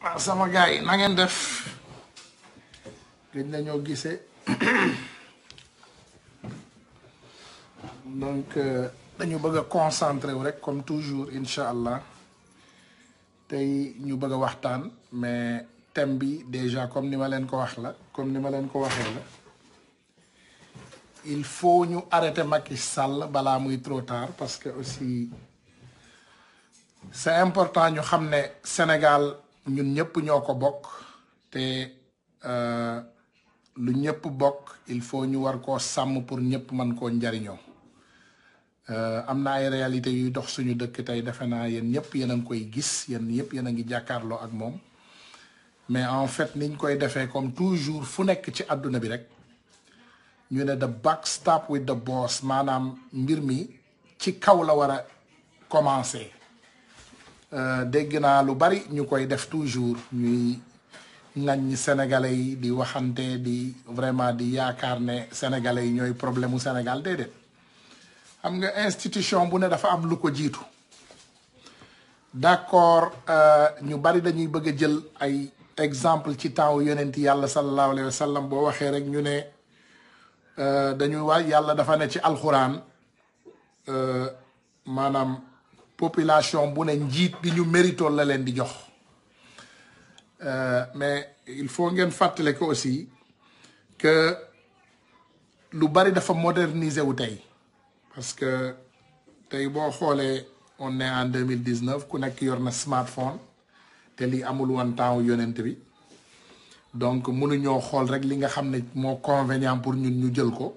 Ça ah, sama gars na ngeen def gëj nañoo gisee donc euh, dañu bëgg concentrer concentré rek comme toujours Inch'Allah. allah tey ñu bëgg a waxtaan mais thème bi déjà comme nous ma leen ko wax la comme nous ma leen ko la il faut ñu arrêter Macky Sall balaa muy trop tard parce que aussi c'est important ñu xamné Sénégal ñun ñëpp ñoko ko té te euh, lu ñëpp bokk il faut ñu war ko sam pour ñëpp man ko njariñoo euh amna ay réalité yu dox suñu dëkk tay defe yeen ñëpp yeen a ngi koy gis yeen ñëpp yeen a ngi jàkkaarloo ak mom mais en fait niñ koy défé comme toujours fu nek ci aduna bi rek ñu né the back stop with the boss manam mbir mi ci kaw la wara commencer Euh, dégg naa lu bari ñu koy def toujours ñuy ŋaññ sénégalais yi di waxante di vraiment di yaakaar ne sénégalais yi ñooy problème mu Sénégal déedéet xam nga institution bu ne dafa am lu ko jiitu d'accord euh, ñu bari dañuy bëgg a jël ay exemple ci temps yonent yàlla sallallahu alayhi wa sallam boo waxee rek ñu ne euh, dañuy wax yàlla dafa ne ci alxuraan maanaam. population bu ne njit bi ñu mérito la leen di jox euh, mais il faut ngeen fàttale ko aussi que lu bari dafa moderniser wu tay parce que tay bo xolé on est en 2019 ku nekk yor na smartphone té li amul won temps yonent bi donc ñoo xol rek li nga xamné mo moo convenient pour ñun ñu jël ko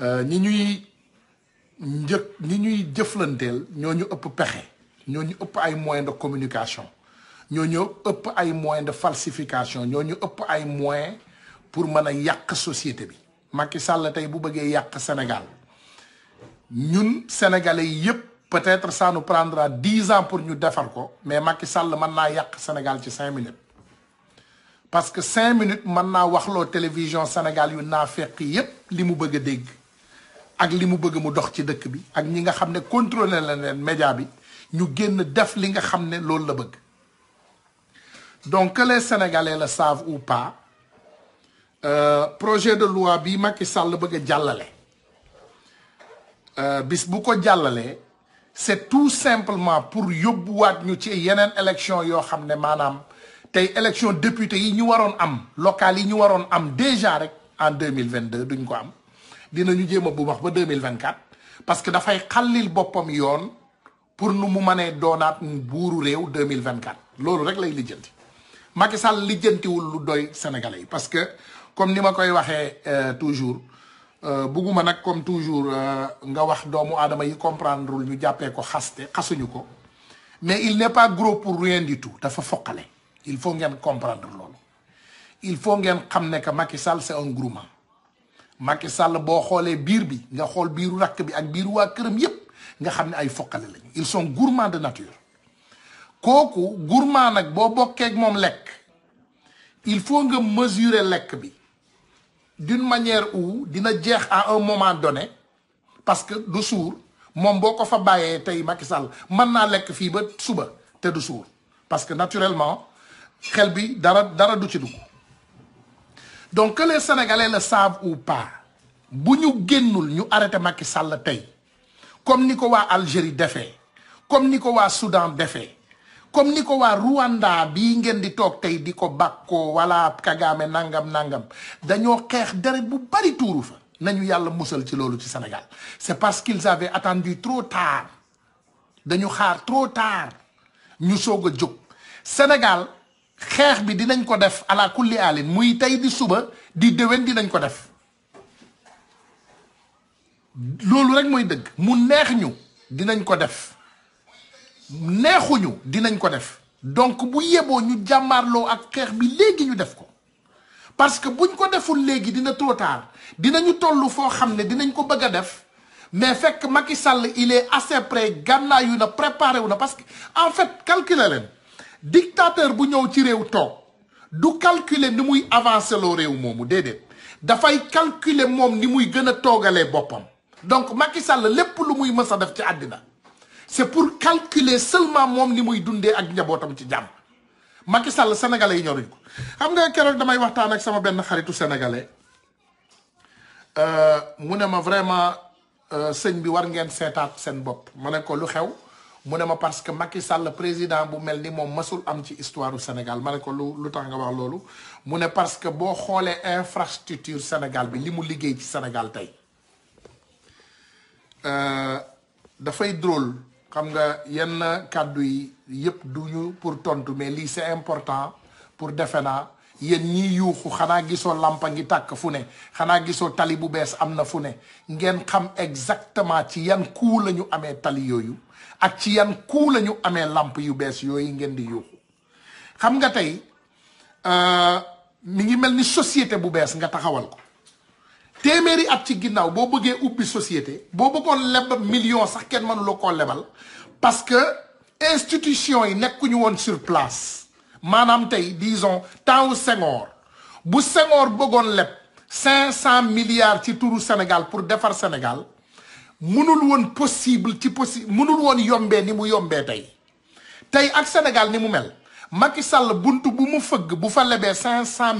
euh, ñi ñuy nous avons des moyens de communication. Nous avons des moyens de falsification. Nous avons des moyens pour la société. Macky Sall est un peu plus Sénégal. Nous, Sénégalais, peut-être ça nous prendra 10 ans pour nous défendre. Mais Macky Sall est un peu Sénégal de 5 minutes. Parce que 5 minutes, je vais parler à la télévision Sénégal, je vais faire ce que je veux ak li mu bëgg mu dox ci dëkk bi ak ñi nga xam ne contrôlé la leen média bi ñu génn def li nga xam ne loolu la bëgg donc que les sénégalais le savent ou pas euh, projet de loi bi Macky Sall bëgg a jàllale euh, bis bu ko jàllalee c'est tout simplement pour yóbbu waat ñu ci yeneen élection yoo xam ne maanaam tey élection député yi ñu waroon am locales yi ñu waroon am déjà rek en deux mille vingt deux duñ ko am. dinañu jéem bu wax ba 2024 parce que fay xallil bopam yoon pour nous mu mënee doonaat buuru réew 2024 lolu rek lay lijjanti Macky Sall wul lu doy sénégalais parce que comme nima ma koy waxé euh, toujours euh, beaucoup nak comme toujours euh, nga wax doomu adama yi comprendre ñu jappé ko xaste xasuñu ko mais il n'est pas gros pour rien du tout dafa fokalé il faut ngeen comprendre lolu il faut ngeen xamné que Macky c'est un groupement Macky Sall boo xoolee biir bi nga xool biiru rakk bi ak biiru waa këram yépp nga xam ne ay foqale lañu ils sont gourmands de nature kooku gourmand nag boo bokkee moom lekk il faut nga mesurer lekk bi d'une manière où dina jeex à un moment donné parce que du suur moom boo ko fa bàyyee tey Macky Sall mën naa lekk fii ba suba te du suur parce que naturellement xel bi dara dara du ci dugg donc que les sénégalais le savent ou pas bu nous génnul ñu arrêté Macky Sall tey comme ni ko Algérie défé, comme ni ko Soudan défé, comme ni ko Rwanda bi ngén di tok tay di ko wala Kagame nangam nangam dañu xex deret bu bari tuuru fa nañu yalla musal ci lolu ci Sénégal c'est parce qu'ils avaient attendu trop tard dañu xaar trop tard ñu soga a Sénégal xeex dinañ ko def ala kulli alin muy tey di suba di déwén dinañ ko def loolu rek mooy dëgg mu neex dinañ ko def neexuñu dinañ ko def donc bu yeboo ñu jàmmaarloo ak xeex bi ñu def ko parce que buñ ko deful léegi dina trop tard dinañu tollu foo xam ne dinañ ko bëgg def mais fekk Macky Sall il est assez près Il na préparé wu na parce que en fait calculer dictateur bu ñëw ci réew tok calculer ni muy avancer réew je da calculer mom ni muy gëna togalé bopam donc Macky Sall lu muy que ci c'est pour calculer seulement mom ni muy d'undé ak njabootam ci jamm sénégalais ko xam nga damay waxtaan ak sama sénégalais euh ma vraiment euh, sëñ bi war ngeen mu ne ma parce que Macky sàll président bu mel ni moom masul am ci histoire Sénégal ma ne ko lu lu tax nga wax loolu mu ne parce que boo xoolee infrastructure Sénégal bi li mu liggéey ci Sénégal tey euh, dafay drôle xam nga yenn kàddu yi yëpp duñu pour tontu mais lii c'est important pour defe naa yéen ñii yuuxu xanaa gisoo làmpa ngi tàkk fu ne xanaa gisoo tali bu bees am na fu ne ngeen xam exactement ci yan kuu lañu amee tali yooyu ak ci yan kuu la ñu amee làmp yu bees yooyu ngeen di yuuxu xam nga tey euh, mi ngi mel ni société bu bees nga taxawal ko téeméeri at ci ginnaaw boo bëggee ubbi société boo bëggoon leb million sax kenn mënu la koo lebal parce que institution yi nekkuñu woon sur place manam tay disons temps Senghor bu Senghor bëggoon leb cinq 500 milliards ci touru Sénégal pour défendre Sénégal mënul won possible ci possi mënul won yombé ni mu yombé tay tay ak Sénégal ni mu mel Macky Sall bunt bu mu feug bu fa lebee 500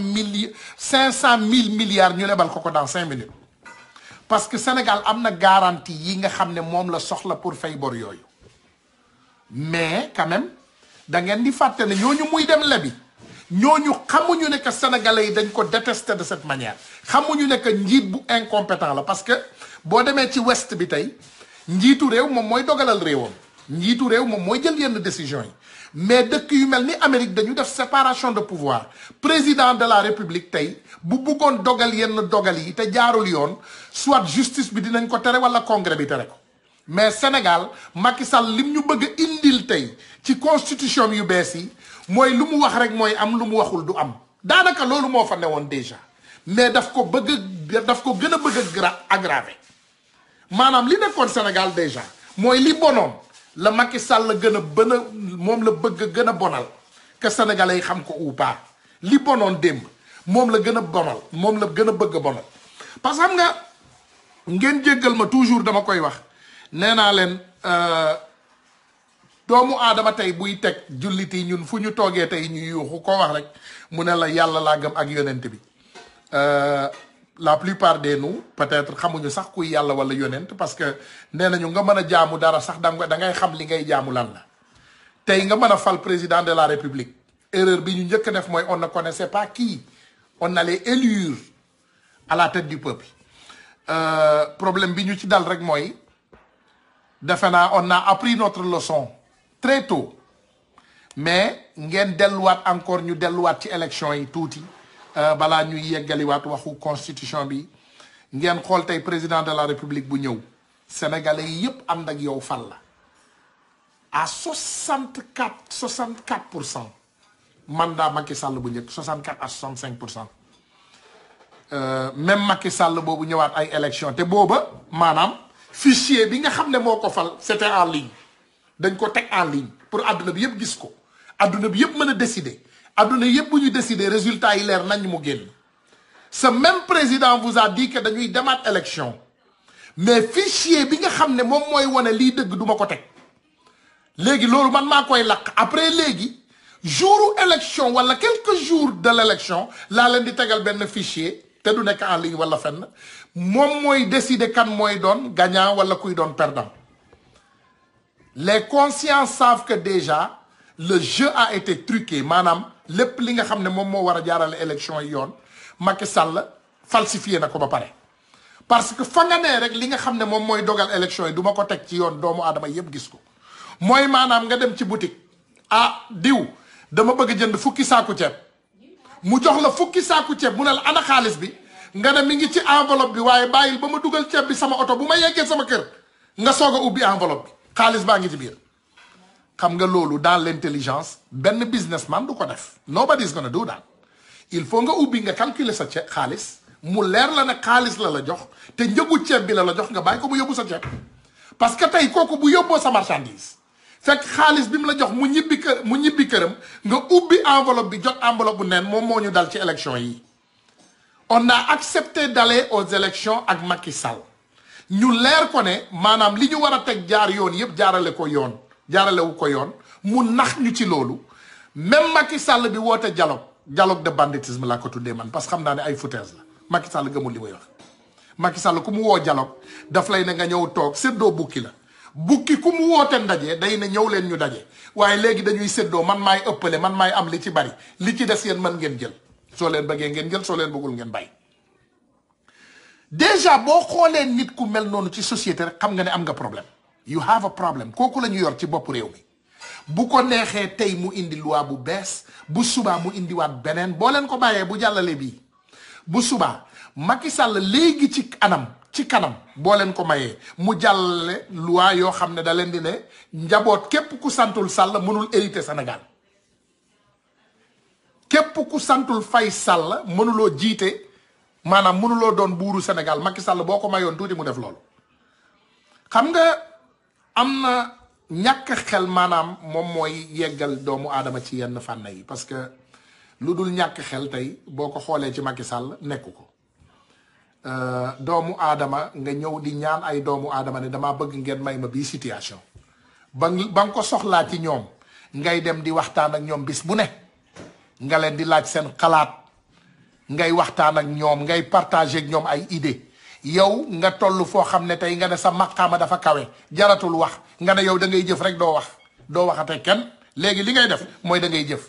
milliards ñu lebal koko dans cinq minutes parce que Sénégal amna garantie yi nga xamné mom la soxla pour fay bor yoyu mais quand même da di fàtte ne ñooñu muy dem lebi ñooñu xamuñu ne que sénégalais yi dañ ko détester de cette manière xamuñu ne que njiit bu incompétent la parce que boo demee ci west bi tey njiitu réew moom mooy dogalal réewam njiitu réew moom mooy jël yenn décision yi mais dëkk yu mel ni Amérique dañu def séparation de pouvoir président de la république tey bu bëggoon dogal yenn dogal yi te jaarul yoon soit justice bi dinañ ko tere wala congrès bi tere ko mais Sénégal Macky Sall lim ñu bëgg indil tey ci constitution yu bees yi mooy lu mu wax rek mooy am lu mu waxul du am daanaka loolu moo fa newoon déjà mais daf ko bëgg a daf ko gën a bëgg a gra aggravé maanaam li nekkoon Sénégal déjà mooy li bonoon la Macky Sall la gën a bën a moom la bëgg a gën a bonal ke sénégalais yi xam ko ou pas li bonoon démb moom la gën a bonal moom la gën a bëgg a bonal parce que xam nga ngeen jéggal ma toujours dama koy wax nee naa leen. Euh, doomu aadama tey buy teg jullit yi ñun fu ñu toogee tey ñu yuuxu ko wax rek mu ne la yàlla laa gëm ak yonent bi euh, la plupart des nous peut-être xamuñu sax kuy yàlla wala yonent parce que nee nañu nga mën a jaamu dara sax da dangay xam li ngay jaamu lan la tey nga mën a fal président de la république erreur bi ñu njëkk def mooy on ne connaissait pas qui on allait élure à la tête du peuple euh, problème bi ñu ci dal rek mooy defe naa on a appris notre leçon très tôt mais ngeen delluwaat encore ñu delluwaat ci élection yi euh, bala ñu ñuy wat waxu constitution bi ngeen xol tay président de la république bu ñew sénégalais yi yépp ànd ak yow fal la à 64 64 pour cent mandat Macky Sall bu njëkk 64 à 65 euh, même Macky Sall bobu ñëwaat ay élection te booba manam, fichier bi nga xamné moko ko fal c'était en ligne dañ ko tek en ligne pour aduna bi yëpp gis ko aduna bi yëpp mën a décider aduna yëpp bu décider résultat yi leer nañ mu génn ce même président vous a dit que dañuy demaat élection mais fichier bi nga xam ne moom mooy wane lii dëgg duma ko teg léegi loolu man maa koy lakk après léegi jouru élection wala quelques jours de l'élection laa leen di tegal benn fichier te du nekk en ligne wala fenn moom mooy décider kan mooy doon gagnant wala kuy doon perdant les conscients savent que déjà le jeu a été truqué manam lepp li nga xam mom mo wara jaral a jaarale élection yoon Macky Sall falsifié na ko ba pare. parce que fanga nga nee rek li nga xam ne moy dogal élection duma ko tek ci yoon doomu adama yeb gis ko moy manam nga dem ci boutique ah diw dama bëgg jënd fukki saaku ceeb mu jox la fukki mu ne la ana kalisbi bi nga ne mi ngi ci enveloppe bi waaye bàyyil ba ma dugal ceeb bi sama oto bu ma sama kër nga soog ubi ubbi xaalis baa ngi xam nga dans l'intelligence benn businessman du ko def nobody is gonna do that il faut nga nga calculer sa ceeb mu leer la ne xaalis la la jox te njëgu ceeb bi la la jox nga parce que tey kooku bu yóbboo sa marchandise fekk xaalis bi la jox mu ñibbi mu ñibbi nga ubbi enveloppe bi jot on a accepté d'aller aux élections ak Macky ñu leer ko ne maanaam li ñu war a teg jaar yoon yëpp jaarale ko yoon jaaralewu ko yoon mu nax ñu ci loolu même Macky Sall bi woote dialogue dialogue de banditisme laa ko tuddee man parce que xam naa ne ay foutaise la Macky Sall gëmul li muy wax. Macky Sall ku mu woo dialogue daf lay ne nga ñëw toog séddoo bukki la bukki ku mu woote ndaje day ne ñëw leen ñu daje waaye léegi dañuy séddoo man maay ëppale man maay am li ci bari li ci des yéen mën ngeen jël soo leen bëggee ngeen jël soo leen bëggul ngeen déjà boo xoolee nit ku mel noonu ci société rek xam nga ni am nga problème you have a problème kooku la ñu yor ci bopp réew mi bu ko neexee tey mu indi loi bu bees bu subaa mu indiwaat beneen boo leen ko bàyyee bu jàllale bii bu subaa Macky Sall léegi ci anam ci kanam boo leen ko mayee mu jàllale loi yoo xam ne da leen di ne njaboot képp ku santul Sall mënul hériter Sénégal képp ku santul fay Sall mënuloo jiite Mana lo doon buru Sénégal Macky Sall boko mayon mayoon mu def loolu xam nga amna ñak xel manam mom moy yeggal doomu adama ci yenn fànn yi parce que lu ñak xel tay boko xolé ci Macky Sall nekku ko euh, doomu adama nga ñew di ñaan ay doomu adama ne dama bëgg ngeen may ma bi situation bang ba ko soxla ci ñom ngay dem di waxtaan ak ñom bis bu ne nga len di laaj sen xalaat ngay waxtaan ak ñoom ngay partager ak ñoom ay idée yow nga toll foo xam ne tey nga ne sa maqaama dafa kawe jaratul wax nga ne yow da ngay jëf rek doo wax doo waxate kenn léegi li ngay def mooy dangay jëf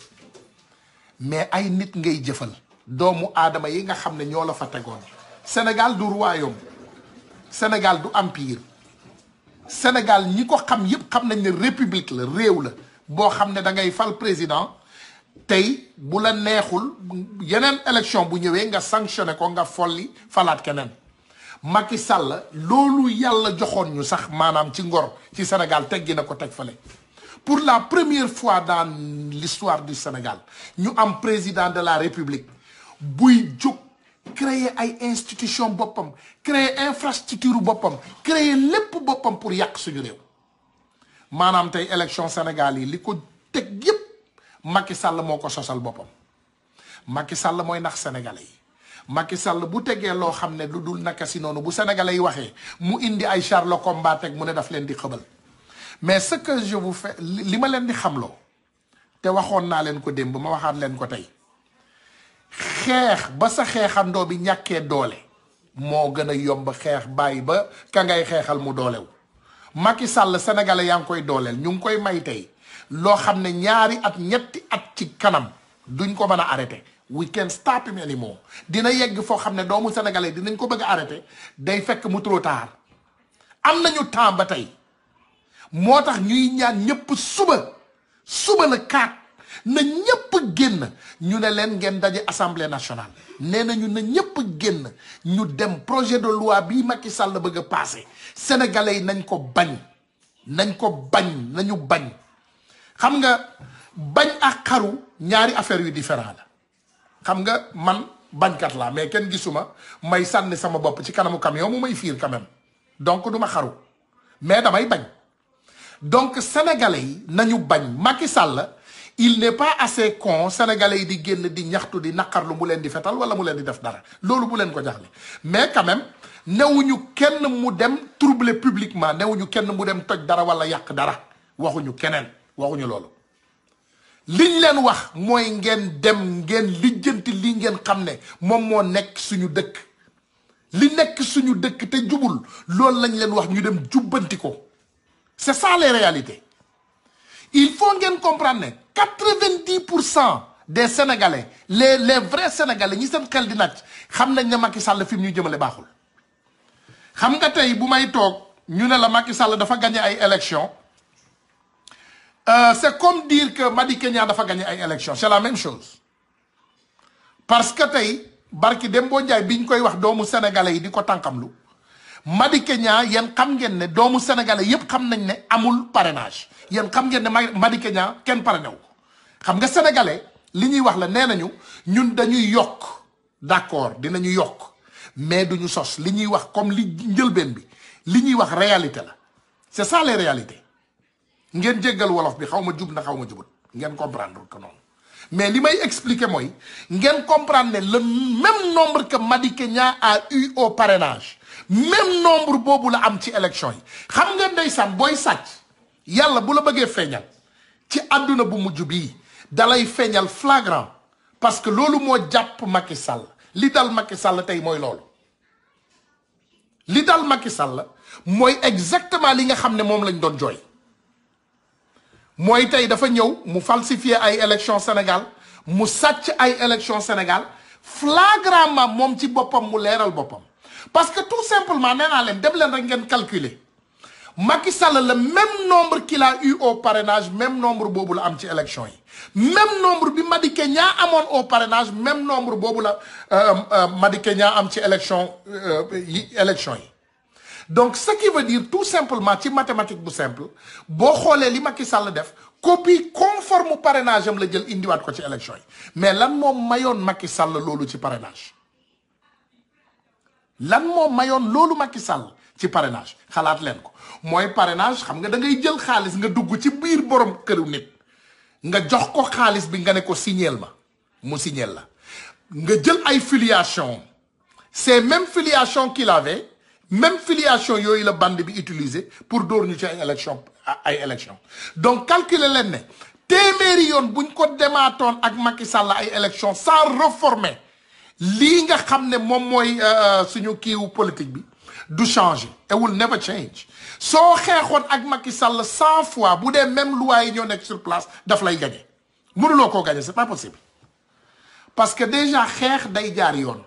mais ay nit ngay jëfal doomu aadama yi nga xam ne ñoo la fa tegoon Sénégal du royaume Sénégal du empire Sénégal ñi ko xam yépp xam nañ ne république la réew la boo xam ne da ngay fal président tay bu la neexul yeneen élection bu ñëwee nga sanctionné ko nga folli falaat keneen Macky Sall loolu yàlla joxoon ñu sax maanaam ci ngor ci Sénégal teggi na ko teg fale pour la première fois dans l'histoire du Sénégal ñu am président de la République buy jóg créer ay institution boppam créer infrastructure boppam créer lépp boppam pour yàq suñu réew maanaam tey élection Sénégal yi li ko Macky Sall moo ko sosal boppam Macky Sall mooy ndax sénégalais yi Macky bu tegee loo xam ne lu dul naka si noonu bu sénégalais yi waxee mu indi ay char le teg mu ne daf leen di xëbal mais ce que je vous fais li ma leen di xamloo te waxoon naa leen ko démb ma waxaat leen ko tey xeex ba sa xeexandoo bi ñàkkee doole moo gën a yomb xeex bàyyi ba ka ngay xeexal mu doolew Macky Sall sénégalais yaa ngi koy dooleel ñu ngi koy may tey loo xam ne ñaari at ñetti at ci kanam duñ ko mën a arrêté we can't stop him anymore dina yegg foo xam ne doomu sénégalais dinañ ko bëgg a arrêté day fekk mu trop tard am nañu temps ba tey moo tax ñuy ñaan ñëpp suba suba la kaat na ñëpp génn ñu ne leen ngeen daje assemblée nationale nee nañu na ñëpp génn ñu dem projet de loi bii Macky Sall bëgg a passé sénégalais yi nañ ko bañ nañ ko bañ nañu bañ xam nga bañ akaru nyari ñaari affaire yu différent la xam nga man kat la mais ken gisuma may sanni sama bop ci kanamu camion mu may fiir quand même donc duma xaru mais damay bañ donc sénégalais yi nañu bañ Macky Sall il n'est pas assez con sénégalais yi di génn di ñaxtu di naqarlu mu len di fétal wala mu len di def dara lolu bu len ko jaxlé mais quand même newuñu kenn mu dem troubler publiquement newuñu kenn mu dem toj dara wala yak dara waxuñu kenen waxuñu loolu liñ leen wax mooy ngeen dem ngeen lijjanti li ngeen xam ne moom moo nekk suñu dëkk li nekk suñu dëkk te jubul loolu lañ leen wax ñu dem jubbanti ko c'est ça les réalités il faut ngeen comprendre ne 90% des sénégalais les les vrais sénégalais ñi seen xel di nag xam nañ ne Macky Sall fi mu ñu jëmale baaxul xam nga tey bu may toog ñu ne la Macky Sall dafa gagné ay élections. Euh, c'est comme dire que Madi Kenya a gagné une élection. C'est la même chose. Parce que tay, Barki Dembo Ndiaye, biñ koy wax doomu sénégalais yi diko tankamlu. Madi Kenya yeen xam ngeen ne doomu sénégalais yépp xam nañ ne amul parrainage. Yeen xam ngeen ne Madi Kenya ken parrainé wu Xam nga sénégalais li ñuy wax la nee ñun dañuy York d'accord dinañu York mais duñu sos li ñuy wax comme li njëlbeen bi li ñuy wax réalité la c'est ça les réalités. ngeen jéggal wolof bi xaw ma jub na xaw ma jubut ngeen comprendre ko noonu mais li may expliquer mooy ngeen comprendre ne le même nombre que madike Niang a eu au parrainage même nombre boobu la am ci élection yi xam nga ndeysaan booy sàcc yàlla bu la bëggee feeñal ci àdduna bu mujj bii dalay feeñal flagrant parce que loolu moo jàpp Macky Sall li dal Macky Sall tey mooy loolu li dal Macky Sall mooy exactement li nga xam ne moom lañ doon jooy mooy tey dafa ñëw mu falsifier ay élection Sénégal mu sàcc ay élection Sénégal flagramment mom ci bopam mu leeral bopam. parce que tout simplement nee dem len rek ngeen calculer Macky le même nombre qu'il a eu au parrainage même nombre bobu la am ci élection yi même nombre bi Madické Niang au parrainage même nombre bobu la euh, euh, Madické Niang am ci élection euh, élection donc ce qui veut dire tout simplement ci mathématique bu simple boo xoolee li Macky Sall def copie conforme parrainage am la jël indiwaat ko ci élection yi mais lan moo mayoon Macky Sall loolu ci parrainage lan moo mayoon loolu Macky Sall ci parrainage xalaat leen ko mooy parrainage xam nga da ngay jël xaalis nga dugg ci biir borom këru nit nga jox ko xaalis bi nga ne ko signeel ma mu signeel la nga jël ay filiation c'est même filiations qu'il avait même filiation yoy la bande bi utiliser pour dóor ñu ci ay élection ay élection donc calculer leen ne téeméeri yone buñ ko dématon ak Macky Sall ay élection sans reformer li nga xamné mom moy mooy euh, euh, suñu kiiwu politique bi du changer Et will never change so xeexoon ak Macky Sall 100 fois bu dee même loi yi ñoo sur place daf lay gañe mënuloo koo gagner c'est pas possible parce que déjà xex day jaar yone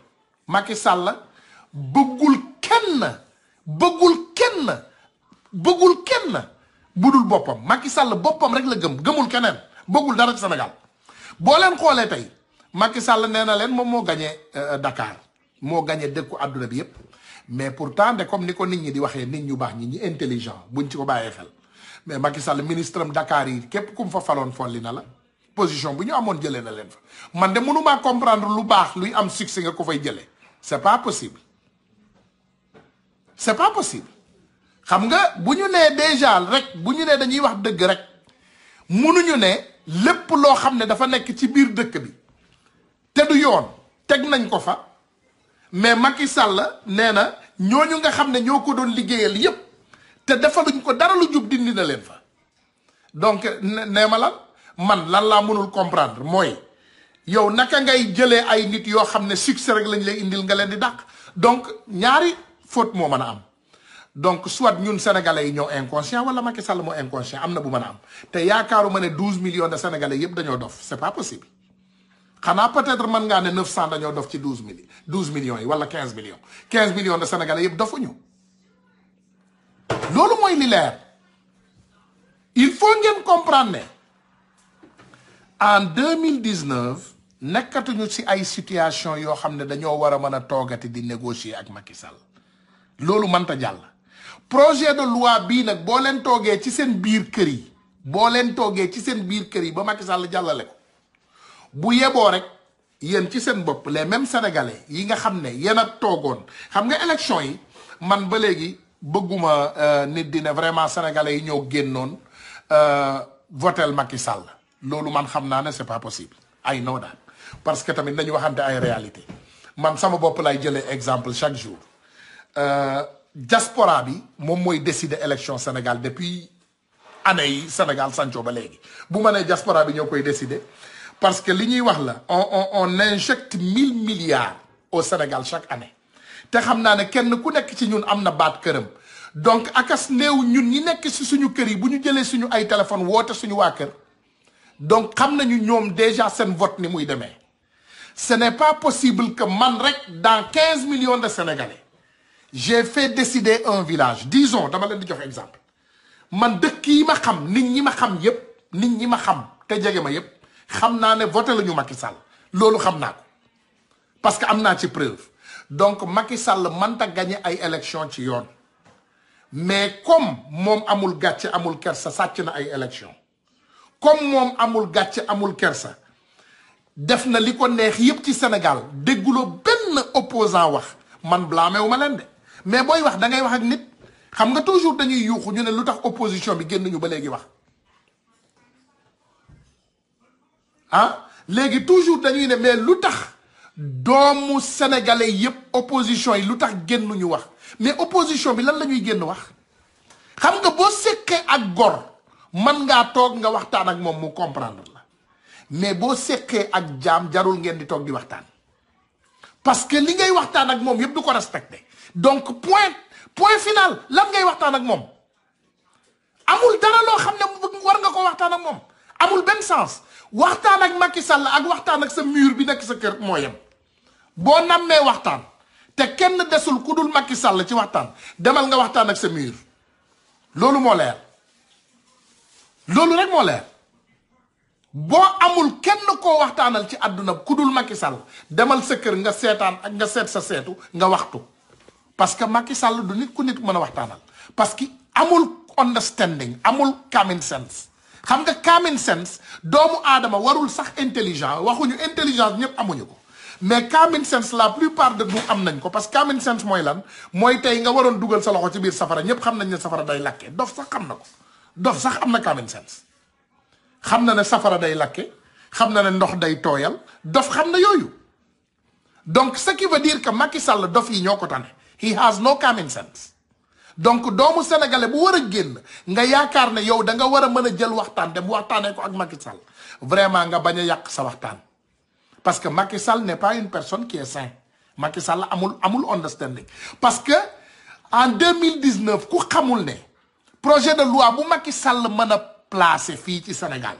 Macky Sall bëggul kenn bëggul kenn bëggul kenn budul boppam Macky Sall boppam rek la gëm gëmul keneen bëggul dara ci Sénégal boo leen xoolee tey Macky sàll nee na leen moom moo gañe euh, dakaar moo gañe dëkku àdduna bi yëpp mais pourtant de comme ni ko nit ñi di waxee nit ñu baax ñi ñi intelligent buñ ci ko bàyyee xel mais Macky Sall ministre am Dakar yi képp ku mu fa faloon folli na la position bu ñu amoon jëlee na leen fa man de mënumaa comprendre lu baax luy am succès nga ko fay jëlee c'est pas possible c'est pas possible xam nga bu ñu nee déjà rek bu ñu nee dañuy wax dëgg rek mënuñu ne lépp loo xam ne dafa nekk ci biir dëkk bi te du yoon teg nañ ko fa mais Macky sàll nee na ñooñu nga xam ne ñoo ko doon liggéeyal yépp te defaluñ ko dara lu jub dindi na leen fa donc nee ma lan man lan laa mënul comprendre mooy yow naka ngay jëlee ay nit yoo xam ne succès rek lañ lay indil nga leen di dàq donc ñaari faute mo meuna am donc soit nous sénégalais inconscients, inconscient wala Macky Sall mo inconscient amna bu meuna am té yaakaaru 12 millions de sénégalais yeb dañoo dof c'est pas possible xana peut-être man nga né 900 dañoo dof ci 12 millions 12 millions wala 15 millions 15 millions de sénégalais C'est dofuñu lolu moy li lèr il faut bien comprendre en 2019 avons ci une situation yo nous dañoo wara mëna togati di négocier avec Macky Sall loolu mënta jàll projet de loi bii nag boo leen toogee ci seen biir kër yi boo leen toogee ci seen biir kër yi ba Macky Sall jàllale ko bu yeboo rek yéen ci seen bopp les mêmes sénégalais yi nga xam ne yéen a toogoon xam nga élection yi man ba léegi bëgguma euh, nit dina vraiment sénégalais yi ñoo génnoon euh, votel Macky Sall loolu man xam naa ne c'est pas possible ay noo daal parce que tamit nañu waxante ay réalité man sama bopp lay jëlee exemple chaque jour Euh, diaspora bi mom moy décider élection Sénégal depuis année Sénégal sancho ba à bu mané diaspora bi ñokoy décider parce que li ñuy wax la on on on injecte mille milliards au Sénégal chaque année té xamna né ne kenn ku nekk ci ñun amna baat kërëm donc akas néw ñun ñi nekk ci suñu kër yi bu ñu jëlee suñu ay téléphone woote suñu wa kër donc xam nañu ñoom déjà s'en vote ni muy démé ce n'est pas possible que man rek dans 15 millions de Sénégalais j'ai fait décider un village disons dans ma di exemple man de qui ma xam nit ñi ma xam yep, nit ñi ma xam te jege ma yépp xam naa ne voté la ñu Macky Sall loolu xam naa ko parce que am naa ci preuve donc Macky Sall ta gagné ay élection ci yon. mais comme mon amul gatche amul kersa sàcc na ay élection comme mon amul gatche amul kersa def na li neex yépp ci Sénégal dégguloo ben opposant wax man blâmé wu ma mais booy wax da ngay wax ak nit xam nga toujours dañuy yuuxu ñu ne lu tax opposition bi génn ñu ba léegi ah léegi toujours dañuy ne mais lu tax doomu sénégalais yëpp opposition yi lu tax génn ñu wax mais opposition bi lan la ñuy génn wax xam nga boo seqee ak gor mën ngaa toog nga waxtaan ak moom mu comprendre la mais boo seqee ak jaam jarul ngeen di toog di waxtaan parce que li ngay waxtaan ak moom yëpp du ko respecté donc point point final lan ngay waxtaan ak moom amul dara loo xam ne war nga ko waxtaan ak moom amul benn sens waxtaan ak Macky Sall ak waxtaan ak sa mur bi nekk sa kër moo yem boo nammee waxtaan te kenn desul ku dul Macky Sall ci waxtaan demal nga waxtaan ak sa loolu moo leer loolu rek moo leer boo amul kenn koo waxtaanal ci àdduna ku dul Macky Sall demal sa kër nga seetaan ak nga seet sa seetu nga waxtu parce que Macky Sall du nit ku nit mën a waxtaanal parce que amul understanding amul common sense xam nga common sense doomu aadama warul sax intelligent waxuñu intelligence ñëpp amuñu ko mais common sense la plupart de nous am nañ ko parce que common sense mooy lan mooy tey nga waroon dugal sa loxo ci biir safara ñëpp xam nañ ne safara day lakke sax xam na ko dof sax am na common sense xam na ne safara day lakke xam na ne ndox day tooyal dof xam na yooyu donc ce qui veut dire que Macky Sall dof yi ñoo ko tane he has no common sense donc doomu sénégalais bu war a génn nga yaakaar ne yow da nga war a mën a jël waxtaan dem waxtaanee ko ak Macky Sall vraiment nga bañ a yàq sa waxtaan parce que Macky Sall n'est pas une personne qui est sain Sall amul amul understanding parce que en 2019 ku xamul ne projet de loi bu Macky Sall mën a placer fii ci Sénégal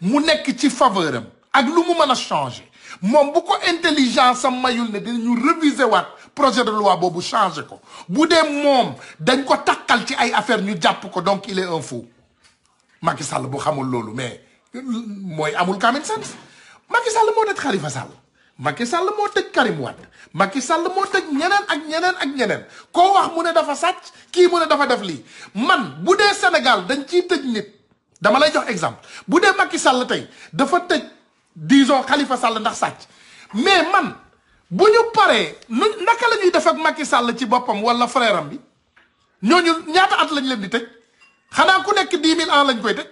mu nekk ci faveur ak lu mu mën a changer mom bu ko intelligence am mayul ne dañu réviser wat projet de loi bobu changer ko bu mom dañ ko takal ci ay affaire ñu japp ko donc il est un fou Macky Sall bu xamul lolu mais moy amul common sense Macky Sall moo tëj Khalifa Sall Macky Sall mo tej Karim Wade Macky Sall mo tej ñeneen ak ñeneen ak ñeneen ko wax mu ne dafa satch ki mu ne dafa def li man boudé Sénégal dañ ci tej nit dama lay jox exemple boudé Macky Sall tay dafa tej disons Khalifa Sall ndax sàcc mais man bu ñu paree nu naka la ñuy def ak Macky ci boppam wala frère am bi ñooñu ñaata at lañ leen di tëj xanaa ku nekk di mille en lañ koy tëj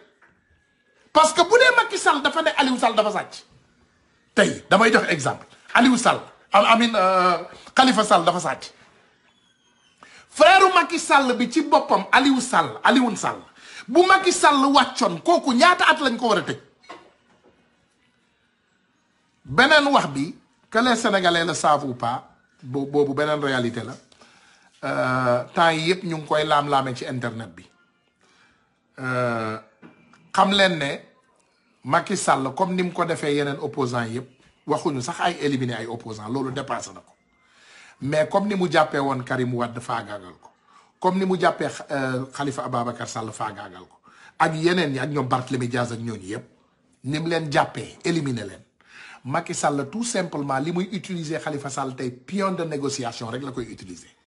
parce que bu dee Macky Sall dafa ne Aliou Sall dafa sàcc tey damay jox exemple Aliou Sall am amin euh, Khalifa Sall dafa sàcc frère Macky Sall bi ci boppam Aliou Sall Alioune Sall bu Macky Sall wàccoon kooku ñaata at lañ ko war a tëj. beneen wax bi que les sénégalais le savent ou boobu beneen réalité la euh, temps yi yëpp ñu ngi koy laam-laame ci internet bi euh, xam leen ne Macky Sall comme ni mu ko defee yeneen opposants yëpp waxuñu sax ay éliminer ay opposants loolu dépassé na ko mais comme ni mu jàppee woon mu Karim Wade faagaagal ko comme ni mu jàppee euh, Khalifa Ababacar Sall faagaagal ko ak yeneen yi ak ñoom Barthélémy Dias ak ñooñu yëpp ni mu leen jàppee éliminer leen. Macky Sall tout simplement li muy utiliser Khalifa Sall tey pion de négociation rek la koy utiliser.